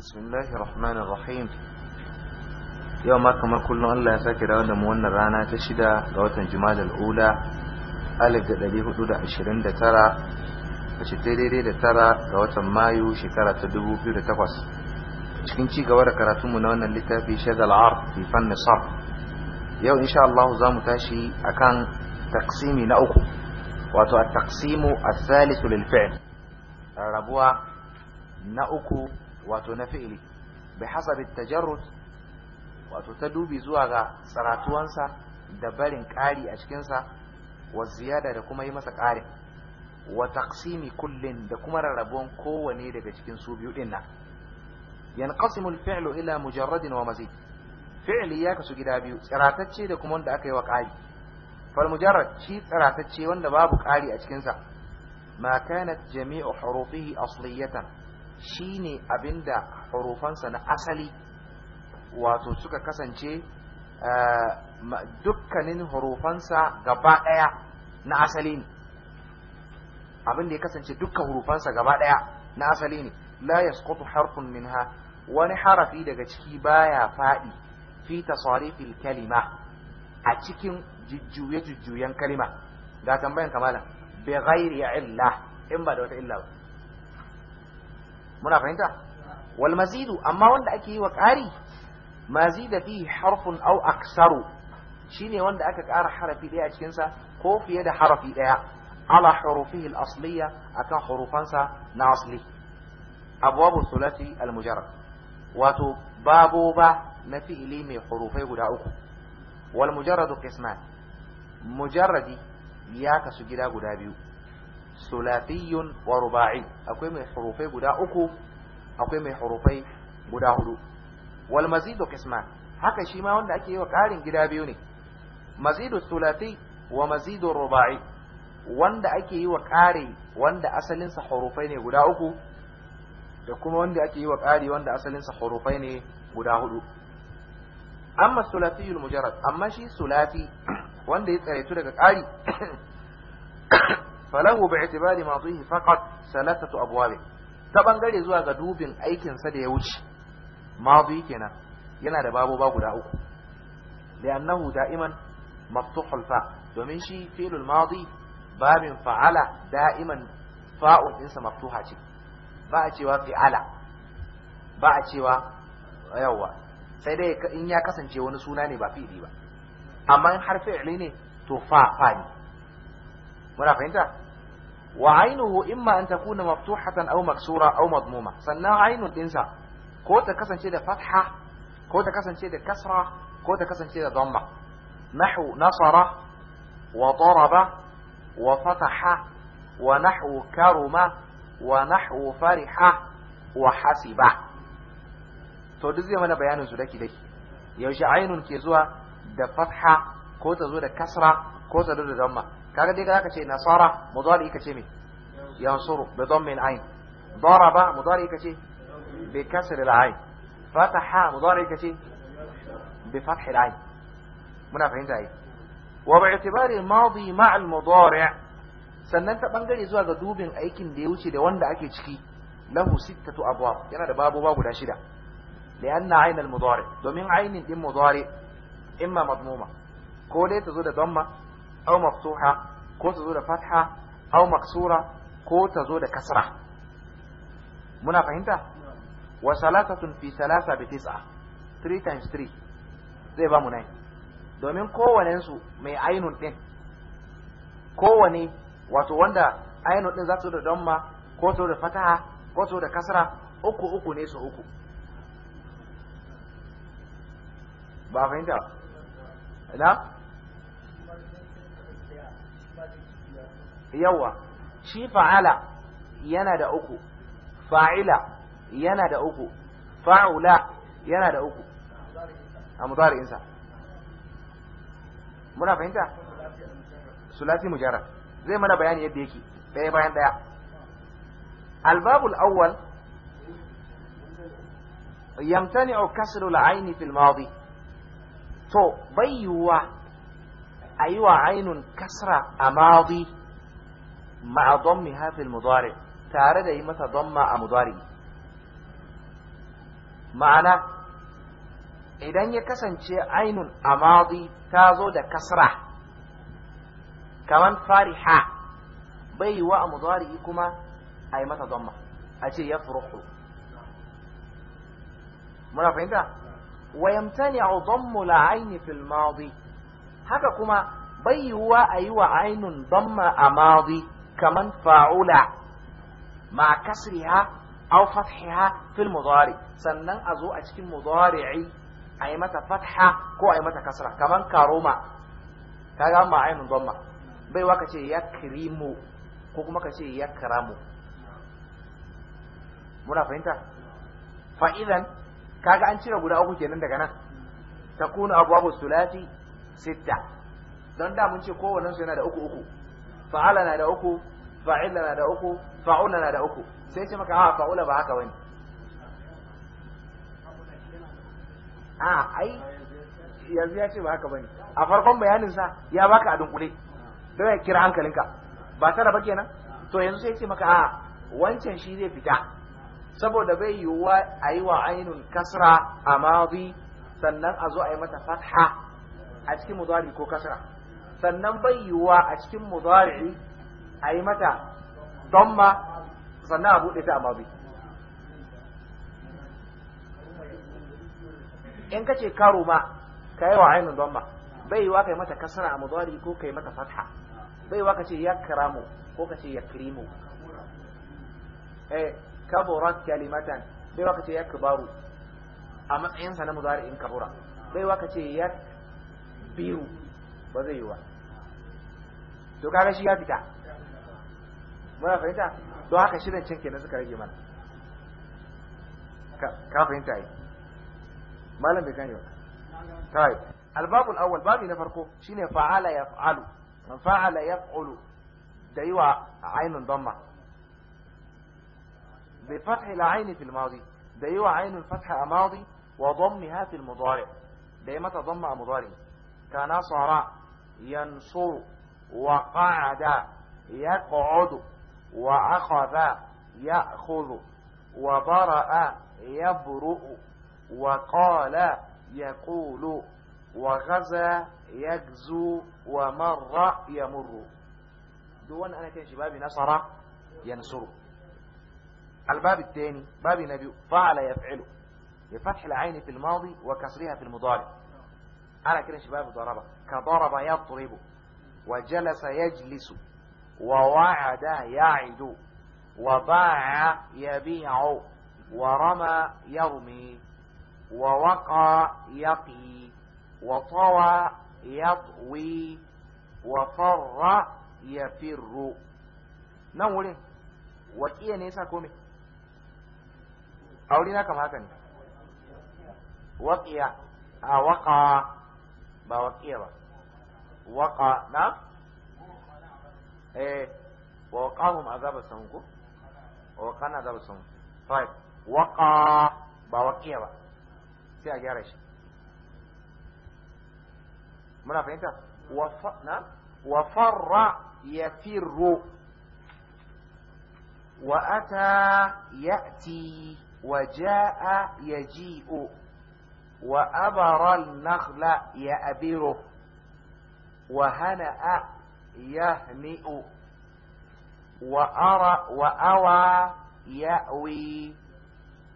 bismillahi rahmanir yau ma kamar kullum Allah ya sake dawo da mu wannan rana ta shida ga watan Jumadal Ula 1429 wace ta daidai da tara ga watan Mayu shekara ta 2008 cikin ci gaba da karatunmu na wannan littafi Shadal Ar fi yau insha Allah za mu tashi akan taksimi na uku wato at-taqsimu salisu na uku wato na fi'ili bi hasabi tajarrud wato ta dubi zuwa ga tsaratuwansa da barin ƙari a cikinsa wa ziyada da kuma yi masa ƙarin wa taqsimi kullin da kuma rarrabon kowane daga cikin su biyu din nan yanqasimu al-fi'lu ila mujarradin wa mazid fi'li ya kasu gida biyu tsiratacce da kuma wanda aka yi wa ƙari fal mujarrad shi tsiratacce wanda babu ƙari a cikinsa ma kanat jami'u hurufihi asliyatan shine abinda hurufansa na asali wato suka kasance eh, dukkanin hurufansa gaba ɗaya na asali ne abin da ya kasance dukkan hurufansa gaba ɗaya na asali ne la yasqutu harfun minha wani harafi daga ciki baya faɗi fi tasarifil kalima a cikin jujjuye jujjuyen kalima ga tambayan kamala bi ghairi illa in ba da wata illa ba muna fahimta wal mazidu amma wanda ake yi wa ƙari mazida fi harfun au aksaru shine wanda aka ƙara harafi ɗaya a cikin sa ko fiye da harafi ɗaya ala hurufihi al asliya akan hurufansa na asli abwabu thulathi al mujarrad wato babo ba na fi'ili mai hurufai guda uku wal mujarradu qisman mujarradi ya kasu gida guda biyu Sulafiyun wa ruba'i akwai mai hurufai guda uku akwai mai hurufai guda hudu wal mazidu qisman haka shi ma wanda ake yi wa ƙarin gida biyu ne mazidu sulati wa mazidu ruba'i wanda ake yi wa ƙari wanda asalinsa hurufai ne guda uku da kuma wanda ake yi wa ƙari wanda asalinsa hurufai ne guda hudu amma sulatiyul mujarrad amma shi sulati wanda ya tsaraitu daga ƙari falahu bi itibari ma fihi faqat salasatu ta bangare zuwa ga dubin aikinsa da ya wuce madi kenan yana da babo ba guda uku li'annahu da'iman maftuhul fa domin shi fi'lul madi babin fa'ala da'iman fa'u ɗinsa maftuha ce ba a cewa fi'ala ba a cewa yawa sai dai in ya kasance wani suna ne ba fi'li ba amma in har ne to fa fa ne muna fahimta وعينه إما أن تكون مفتوحة أو مكسورة أو مضمومة سنة عين الإنساء كوتا كسن شيدة فتحة كوتا كسن شيدة كسرة كوتا كسن شيدة ضمة نحو نصر وضرب وفتح ونحو كرمة ونحو فرحة وحسب تودزي من بيان زلك دي يوجي عين كيزوا دفتحة كوتا زودة كسرة كوتا زودة ضمة kaga dai zaka ce nasara mudari kace me yansuru bi dhammi al-ain daraba mudari kace bi kasri al-ain fataha mudari kace bi fathi al-ain muna fahimta ai wa bi itibari al-madi ma'a al-mudari sannan ta bangare zuwa ga dubin aikin da ya wuce da wanda ake ciki lahu sittatu abwab yana da babuwa guda shida lianna ayn al-mudari domin aynin din mudari imma madmuma ko dai ta zo da dhamma aw maftuha ko ta zo da fatha aw maksura ko ta zo da kasra muna fahimta wa salasatun fi salasa bi tis'a 3 times 3 zai ba mu 9 domin kowane su mai ainun din kowane wato wanda ainun din za ta zo da damma ko ta zo da fataha ko ta zo da kasra uku uku ne su uku ba fahimta na yawa shi fa'ala yana da uku fa'ila yana da uku fa'ula yana da uku a mudari'insa muna fahimta sulati mujarrad zai mana bayani yadda yake ɗaya bayan ɗaya albabul awwal yamtani kasru al-ayn fi al-madi to bayyuwa ayiwa ainun kasra a madi مع ضمها في المضارع تعالى ده متى ضم مع مضارع معنى idan ya kasance ainun a madi ta zo da kasra kaman fariha bai yi wa a mudari kuma a yi mata zama a ce ya furuhu muna fahimta wayamtani a zammu la aini fil madi haka kuma bai yi wa a yi wa ainun zamma a madi كمن فاعل مع كسرها أو فتحها في المضارع سنن أزو أتكي مضارعي أي متى فتحة كو أي متى كسرة كمان كاروما كاغا ما عين ضمة بي وكتي يكريمو ko kuma ka ce karamu muna fahimta fa'idan kaga an cire guda uku kenan daga nan takunu abwabu sulati sitta don da mun ce kowannen su yana da uku uku fa'ala na da uku fa'ila na da uku fa'ula na da uku sai ce maka a fa'ula ba haka wani a ai yanzu ya ce ba haka bane a farkon bayanin sa ya baka a dunkule don ya kira hankalinka ba tara ba kenan to yanzu sai ce maka a wancan shi zai fita saboda bai yiwuwa a yi wa ainun kasra a sannan a zo a yi mata fatha a cikin mudari ko kasra sannan bai yiwuwa a cikin muzari a yi mata damma sannan a buɗe ta a bi. in ka ce karo ma ka yi wa ainihin damma bai yiwuwa ka yi mata kasara a muzari ko ka yi mata fatha bai yiwuwa ka ce ya karamu ko ka ce ya kirimu eh kaburat kalimatan bai yiwuwa ka ce ya kibaru a matsayinsa na in kabura bai yiwuwa ka ce ya biyu ba zai yiwuwa to kaga shi ya fita muna fahimta to haka shirin cin kenan suka rage mana ka fahimta yi malam bai gane ba tawai albabul awwal babi na farko shine fa'ala yaf'alu man fa'ala yaf'alu da yiwa ainun damma bi fathi al-ayn fil madi da yiwa ainun fatha madi wa dammiha fil mudari da yi mata damma a mudari kana sara yansuru وقعد يقعد وأخذ يأخذ وبرأ يبرؤ وقال يقول وغزا يجزو ومر يمر دون أنا كان شباب نصر ينصر الباب الثاني باب نبي فعل يفعله بفتح العين في الماضي وكسرها في المضارع أنا كده شباب ضربة كضرب يضرب wa ya yajlisu wa wa'ada ya'idu wa ba'a yabi'u wa rama yarmi wa waqa yaqi wa tawa yatwi wa farra yafirru nan wurin waƙiya ne kome ba ba وقع نعم ايه ووقعهم عذاب السمك ووقعنا عذاب السمك طيب وقع بوقيا بقى فيها اجارش منا فهمت وف نعم وفر يفر واتى ياتي وجاء يجيء وابر النخل يابره وهنأ يهنئ وأرى وأوى يأوي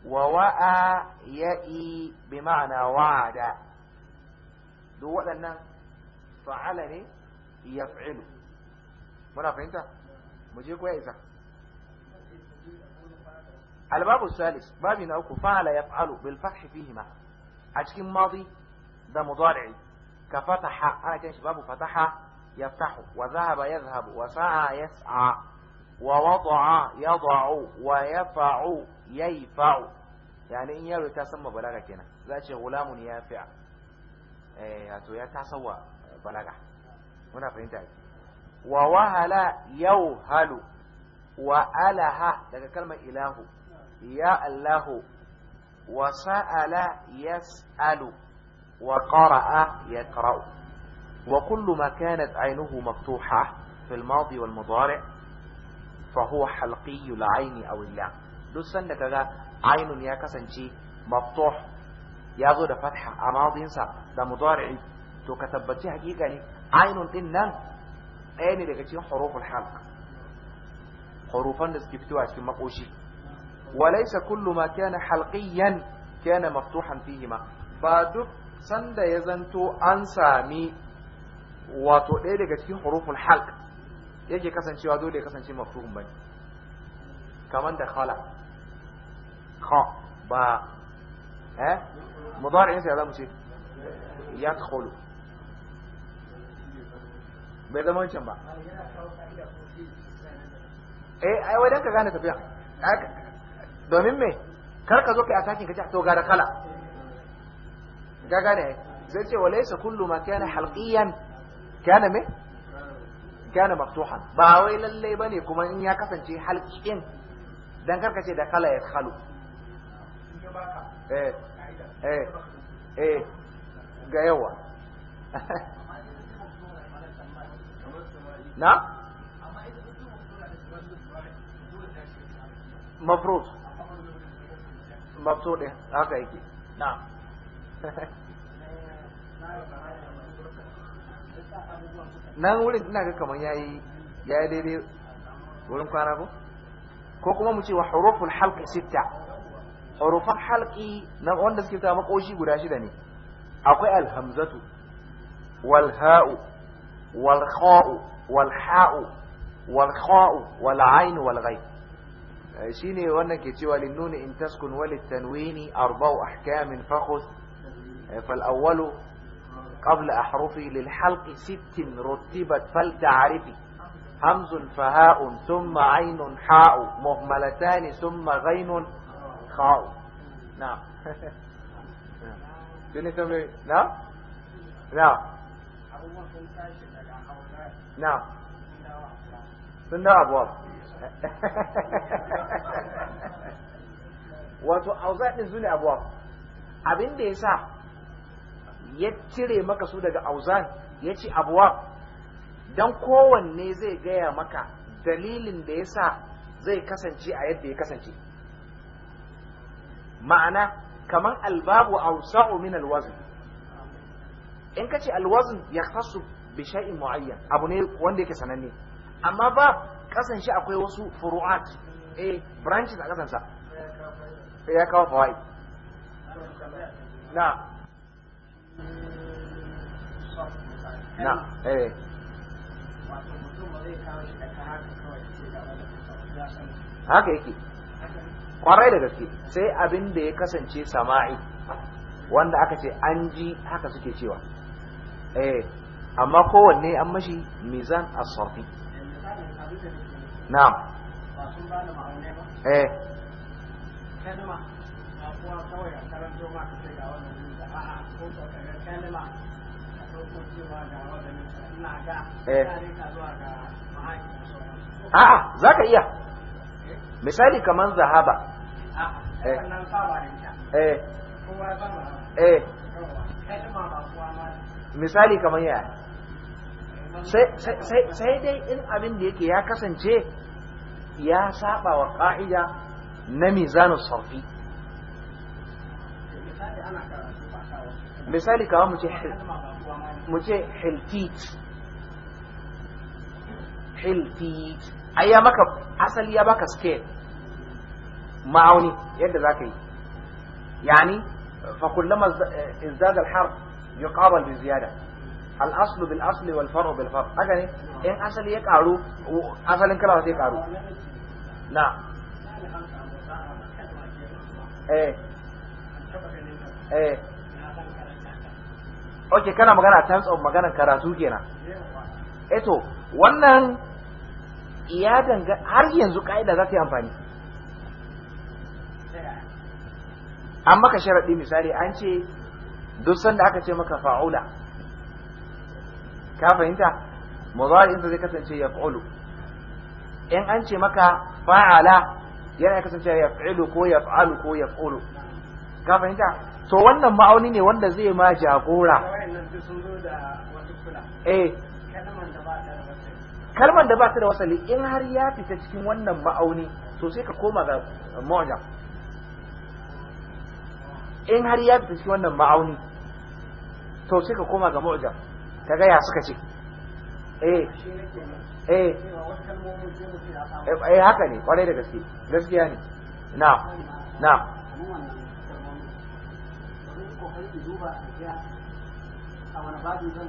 ووأى يأي بمعنى وعد دو لنا فعلني يفعل ولا فهمت مجيك ويزا الباب الثالث باب نوكو فعل يفعل بالفحش فيهما أجل ماضي ده مضارعي كفتح آية أنا كان شباب فتح يفتح وذهب يذهب وسعى يسعى ووضع يضع ويفع ييفع يعني إن يلو تسمى بلغة كنا ذات غلام يافع إيه، أتو يتسوى بلغة هنا في انتاج ووهل يوهل وأله لك كلمة إله يا الله وسأل يسأل وقرأ يقرأ وكل ما كانت عينه مفتوحة في الماضي والمضارع فهو حلقي العين أو اللام لو دوسن لك عين يا كسنشي مفتوح يا غدا فتحة أماضي إنسا دا مضارع تو كتبتي حقيقة إيه؟ عين إن أين لغتي حروف الحلق حروفا نسكفتوها في مقوشي وليس كل ما كان حلقيا كان مفتوحا فيهما فدك sanda ya zanto an sami wato ɗaya daga cikin huruful halk yake kasancewa dole ya kasance mafuhun bane kamar da khala kha ba eh mudari'in sai zamu ce yadkhulu bai zama wancan ba eh ai wai dan ka gane tafiya domin me kar ka zo kai a sakin ka ce to ga da kala ka gane ai sai ce walaysa kullu ma kana halqiyan kana me kana maftuhan ba wai lalle bane kuma in ya kasance halqiyan dan karka ce da kala ya khalu eh eh eh ga yawa na مفروض مبسوط هكا يجي نعم nan wurin ina ga kamar yayi yayi daidai wurin kwana ko ko kuma mu ce wa huruful halqi sitta huruful halqi wanda suke ta makoshi guda shida ne akwai alhamzatu wal ha'u wal kha'u wal ha'u wal kha'u eh, shine wannan ke cewa linnuni in taskun walit tanwini arba'u ahkamin fakhus يعني فالأول قبل أحرفي للحلق ست رتبت فلتعرفي همز فهاء ثم عين حاء مهملتان ثم غين خاء نعم شنو يسمي نعم نعم نعم سنة أبواب wato auza din zune abuwa abin da ya sa ya cire maka su daga auzan ya ce abuwa don kowanne zai gaya maka dalilin da ya sa zai kasance a yadda ya kasance ma'ana kamar albabu sa'o min alwazin in ka kace alwazn ya bi shay'in mu'ayyan abu ne wanda yake sananne amma ba kasan akwai wasu furu'at eh branches a kasansa ya kawo fawai na na eh haka yake kwarai da gaske sai abin da ya kasance sama'i wanda aka ce an ji haka suke cewa eh amma kowanne an mashi mizan a sarfi na'am Eh. a'a ko ka zaka iya misali kaman zahaba eh. Eh. misali kaman ya sai dai in abin da yake ya kasance ya saba wa ka'ida na mizanin sarfi misali kawo mu ce hiltit hiltit ai ya maka asali ya baka scale ma'auni yadda za ka yi yani fa kullama izdada al-harf yuqabal bi ziyada al-aslu bil asli wal far'u bil far'u haka ne in asali ya karu asalin kalma sai karu na eh eh okay kana magana terms of magana karatu kenan eh to wannan ya danga har yanzu kaida za ta yi amfani an maka sharaɗi misali an ce duk sanda aka ce maka fa'ula ka fahimta mudari'insa zai kasance ya fa'ulu in an ce maka fa'ala yana kasance ya fa'ulu ko ya fa'alu ko ya fa'ulu ka fahimta to wannan ma'auni ne wanda zai ma jagora eh kalmar da ba ta da wasali in har ya fita cikin wannan ma'auni to sai ka koma ga mu'jam in har ya fita cikin wannan ma'auni to sai ka koma ga mu'jam ka ya suka ce eh eh. eh eh haka ne kwarai da gaske gaskiya ne na na a wani babu zan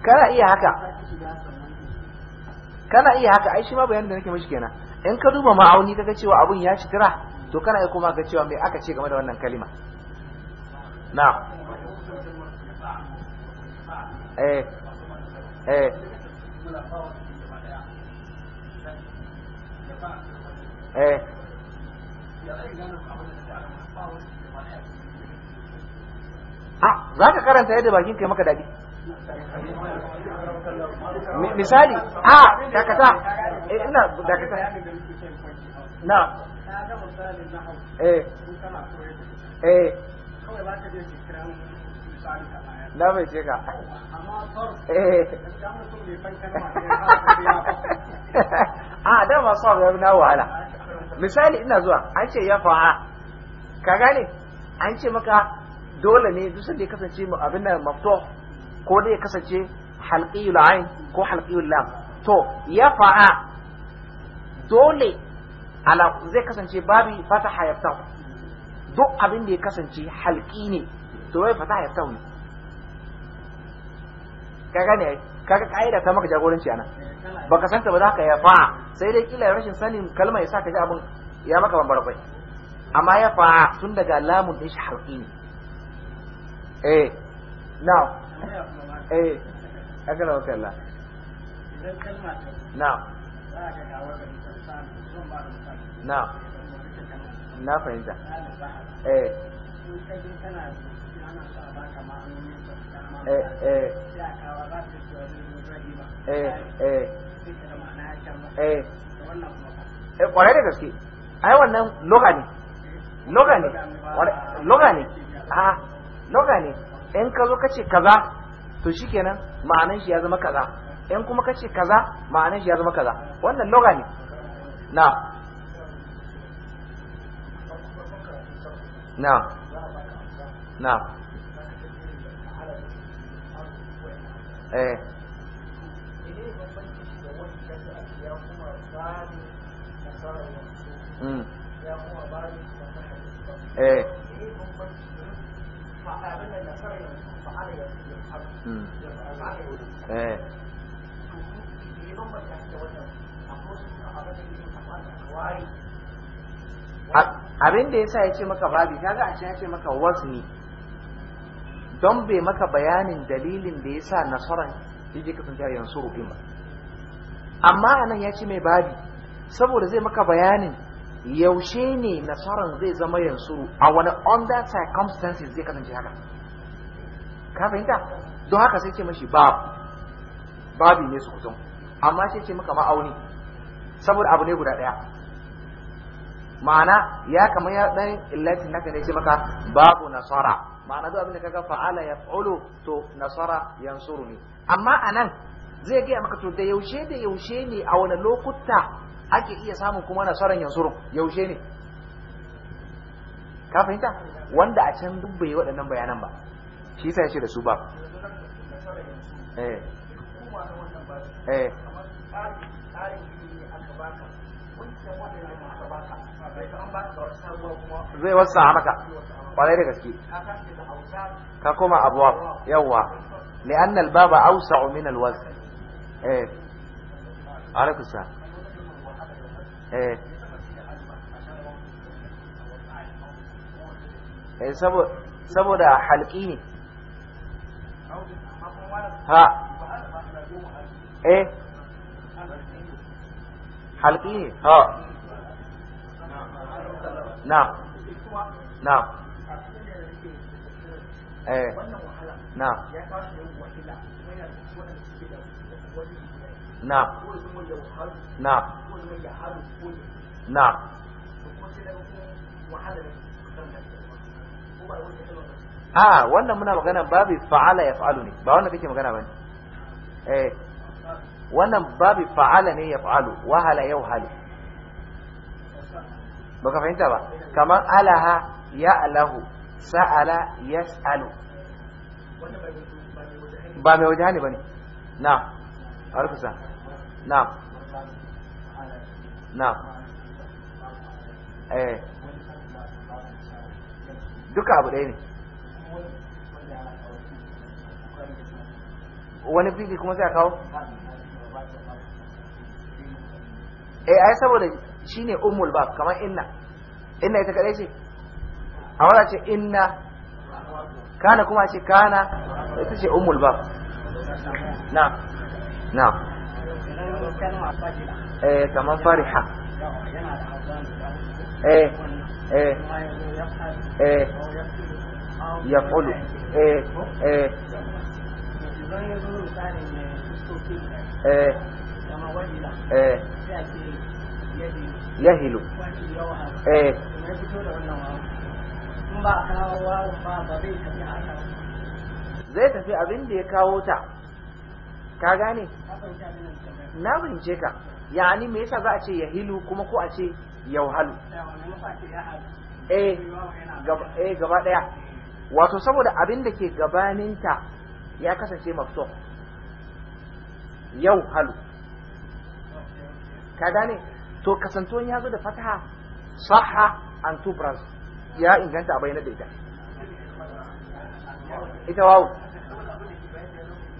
kana iya haka kana iya haka ai shi ma bayanin da nake mishi kenan in ka duba ma'auni kaga cewa abun ya citira to kana iya kuma ka cewa me aka ce game da wannan kalima na eh eh eh ah, za ka karanta yadda bakin kai maka daɗi misali a dakata eh, ina dakata na eh eh na bai ce ka eh. a dama ya na wahala misali ina zuwa an ce ya fa'a ka gane an ce maka dole ne duk sanda ya kasance mu abin nan mafto ko dai ya kasance halqiyul ain ko halqiyul lam to ya fa'a dole ala zai kasance babi fataha yaftahu duk abin da ya kasance halqi ne to wai fataha yaftahu ne ka gane kaga kaida ta maka jagoranci anan baka san ta ba za ka ya fa sai dai kila rashin sanin kalma yasa ka ji abin ya maka bambara kai amma ya fa tun daga lamun din shi harfi ne eh now eh kaga lawa kalla idan kalma ta now na fahimta eh Eh, eh. Eh, kwarai da gaske ai wannan loga ne loga ne loga ne a loga ne in ka zo ka ce kaza to shikenan ma'anan shi ya zama kaza in kuma ka ce kaza ma'anan shi ya zama kaza wannan loga ne na na na'am eh Mm. Eh. Eh. abin da ya sa ya ce maka babi za a ya ce maka wasni don bai maka bayanin dalilin da ya sa nasarar shi ji kasance a yansu rufin ba amma a nan ya ci mai babi saboda zai maka bayanin yaushe ne nasarar zai zama yansu a wani under circumstances zai kasance haka ka fahimta don haka sai ce mashi babu babi ne su kusan amma sai ce maka ma'auni saboda abu ne guda ɗaya ma'ana ya kama ya ɗan illatin naka ne ce maka babu nasara ma'ana duk abinda kaga fa'ala yaf'ulu to nasara yansuruni amma anan zai gaya maka to da yaushe da yaushe ne a wani lokuta ake iya samun kuma nasaran yansuru yaushe ne ka fahimta wanda a can duk bai waɗannan bayanan ba shi yasa ya ce da su ba eh eh zai wasa maka kwarai da gaske ka koma abuwa yawa li'anna al-baba awsa'u min al-wazn eh alaikum eh, eh saboda halki ne ha eh halki ne ha na na eh na na na wannan muna magana babu fa'ala ya fa'alu ne ba wannan kake magana ba ne eh wannan babu fa'ala ne ya fa'alu wahala yau hali baka fahimta ba kamar alaha ya alahu sa'ala yas'alu ba mai wajen hannu ba ne na rufusa na na eh duka abu ɗaya ne wani fili kuma sai a kawo eh ai saboda shine ummul ba kamar inna inna ita kadai ce amma za ce inna kana kuma ce kana ita ce umul bab na na eh kamar fariha eh eh eh ya eh, eh eh eh yahilu eh zai tafi abin da ya kawo ta ka gane na fahimce ka yani me yasa za a ce ya hilu kuma ko a ce yauhalu eh gaba daya eh, wato saboda abin da ke gabaninta ya kasance mafto yau halu ka gane to kasantuwan ya zo da fataha saha an tubras ya inganta a bayyana da ita ita wawu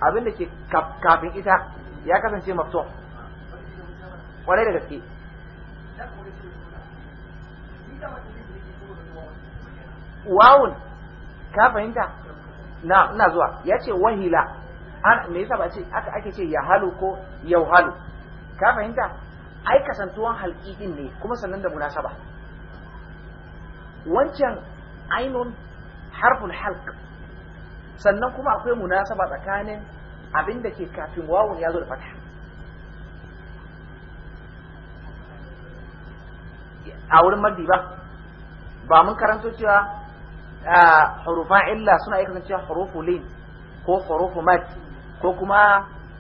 abin da ke kafin ita ya kasance mafso kwarai da gaske wawun ka fahimta na ina zuwa ya ce wahila me yasa ba ce aka ake ce ya halu ko yau halu ka fahimta ai kasantuwan halƙiƙin ne kuma sannan da munasaba wancan ainun harfin halk sannan kuma akwai munasaba tsakanin abin da ke kafin wawon ya zo da fata a wurin maddi ba ba mun karanto cewa hurufan illa suna iya kasancewa harufu lin ko harufu mad ko kuma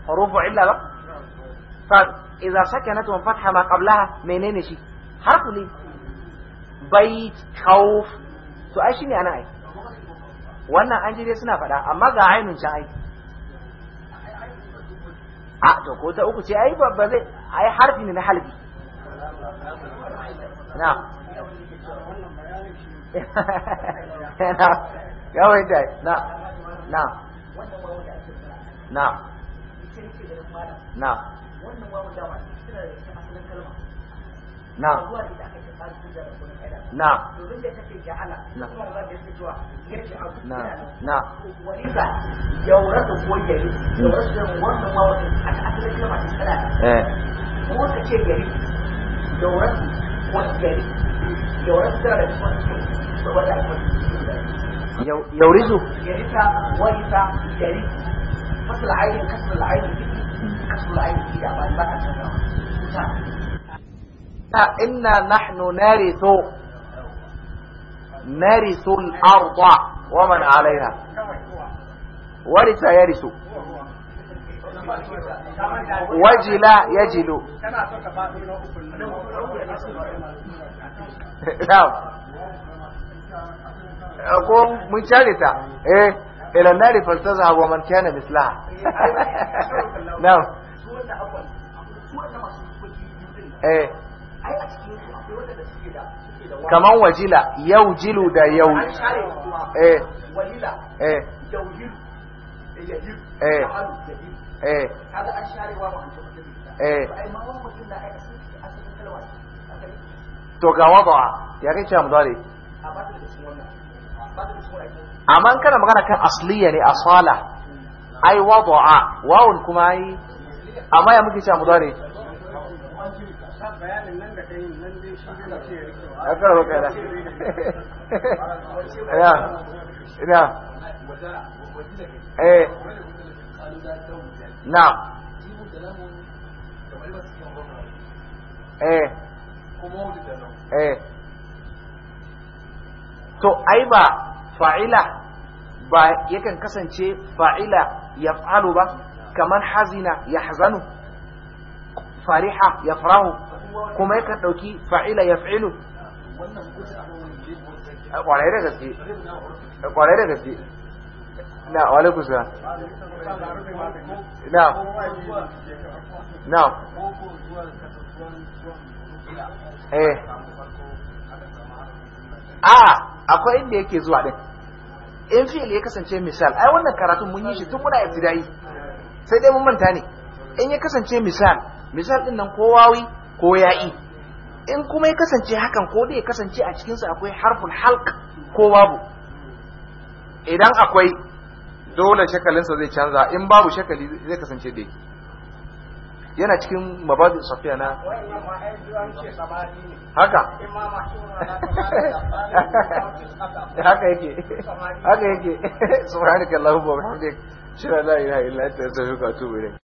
harufu illa ba fa idza sakanat wa fatha ma qablaha menene shi harfu lin bait kauf to ai shine ana ai wannan an jire suna faɗa amma ga ainun can ai a to ko ta uku ce ai ba zai ai harfi ne na halbi na na wai dai na na na na wannan da wani suna da asalin kalma نعم نعم نعم نعم ولذا يورث ويرث يورث وانه ما ورث اكثر كده ما تسالها ايه هو كده يرث يورث ويرث يورث ده مش يورثه يرث ويرث يرث فصل العين كسر العين كسر العين كده بعد ما كسر إنا نحن نرث نرث الأرض ومن عليها ورث يرث وجل يجل نعم أقوم من شارطة إيه إلى النار فلتذهب ومن كان مثلها نعم إيه kaman wajila yau jilu da yau eh eh eh eh eh to ga wada'a ya kai cewa mudari amma kana magana kan asliya ne asala hmm. ai wada'a wawun kuma ai amma ya muke cewa mudare bayanin nan da ya ina eh na eh eh to ai ba fa'ila ba yakan kasance fa'ila ya ba kamar hazina ya hazanu fariha ya farahu kuma ya kan ɗauki fa'ila ya fa'ilu ƙwarai da ƙwarai da gaske na wale kusa na na eh a akwai inda yake zuwa ɗin in fiye ya kasance misal ai wannan karatun mun yi shi tun muna ibtidai sai dai mun manta ne in ya kasance misal misal ɗin nan ko wawi ko ya'i in kuma ya kasance hakan ko da ya kasance a cikinsa akwai harful halk ko babu idan akwai dole shakalinsa zai canza in babu shakali zai kasance da yana cikin mabadin safiya na haka haka yake haka yake subhanaka allahumma wa bihamdika shira la ilaha illa anta astaghfiruka wa atubu ilayk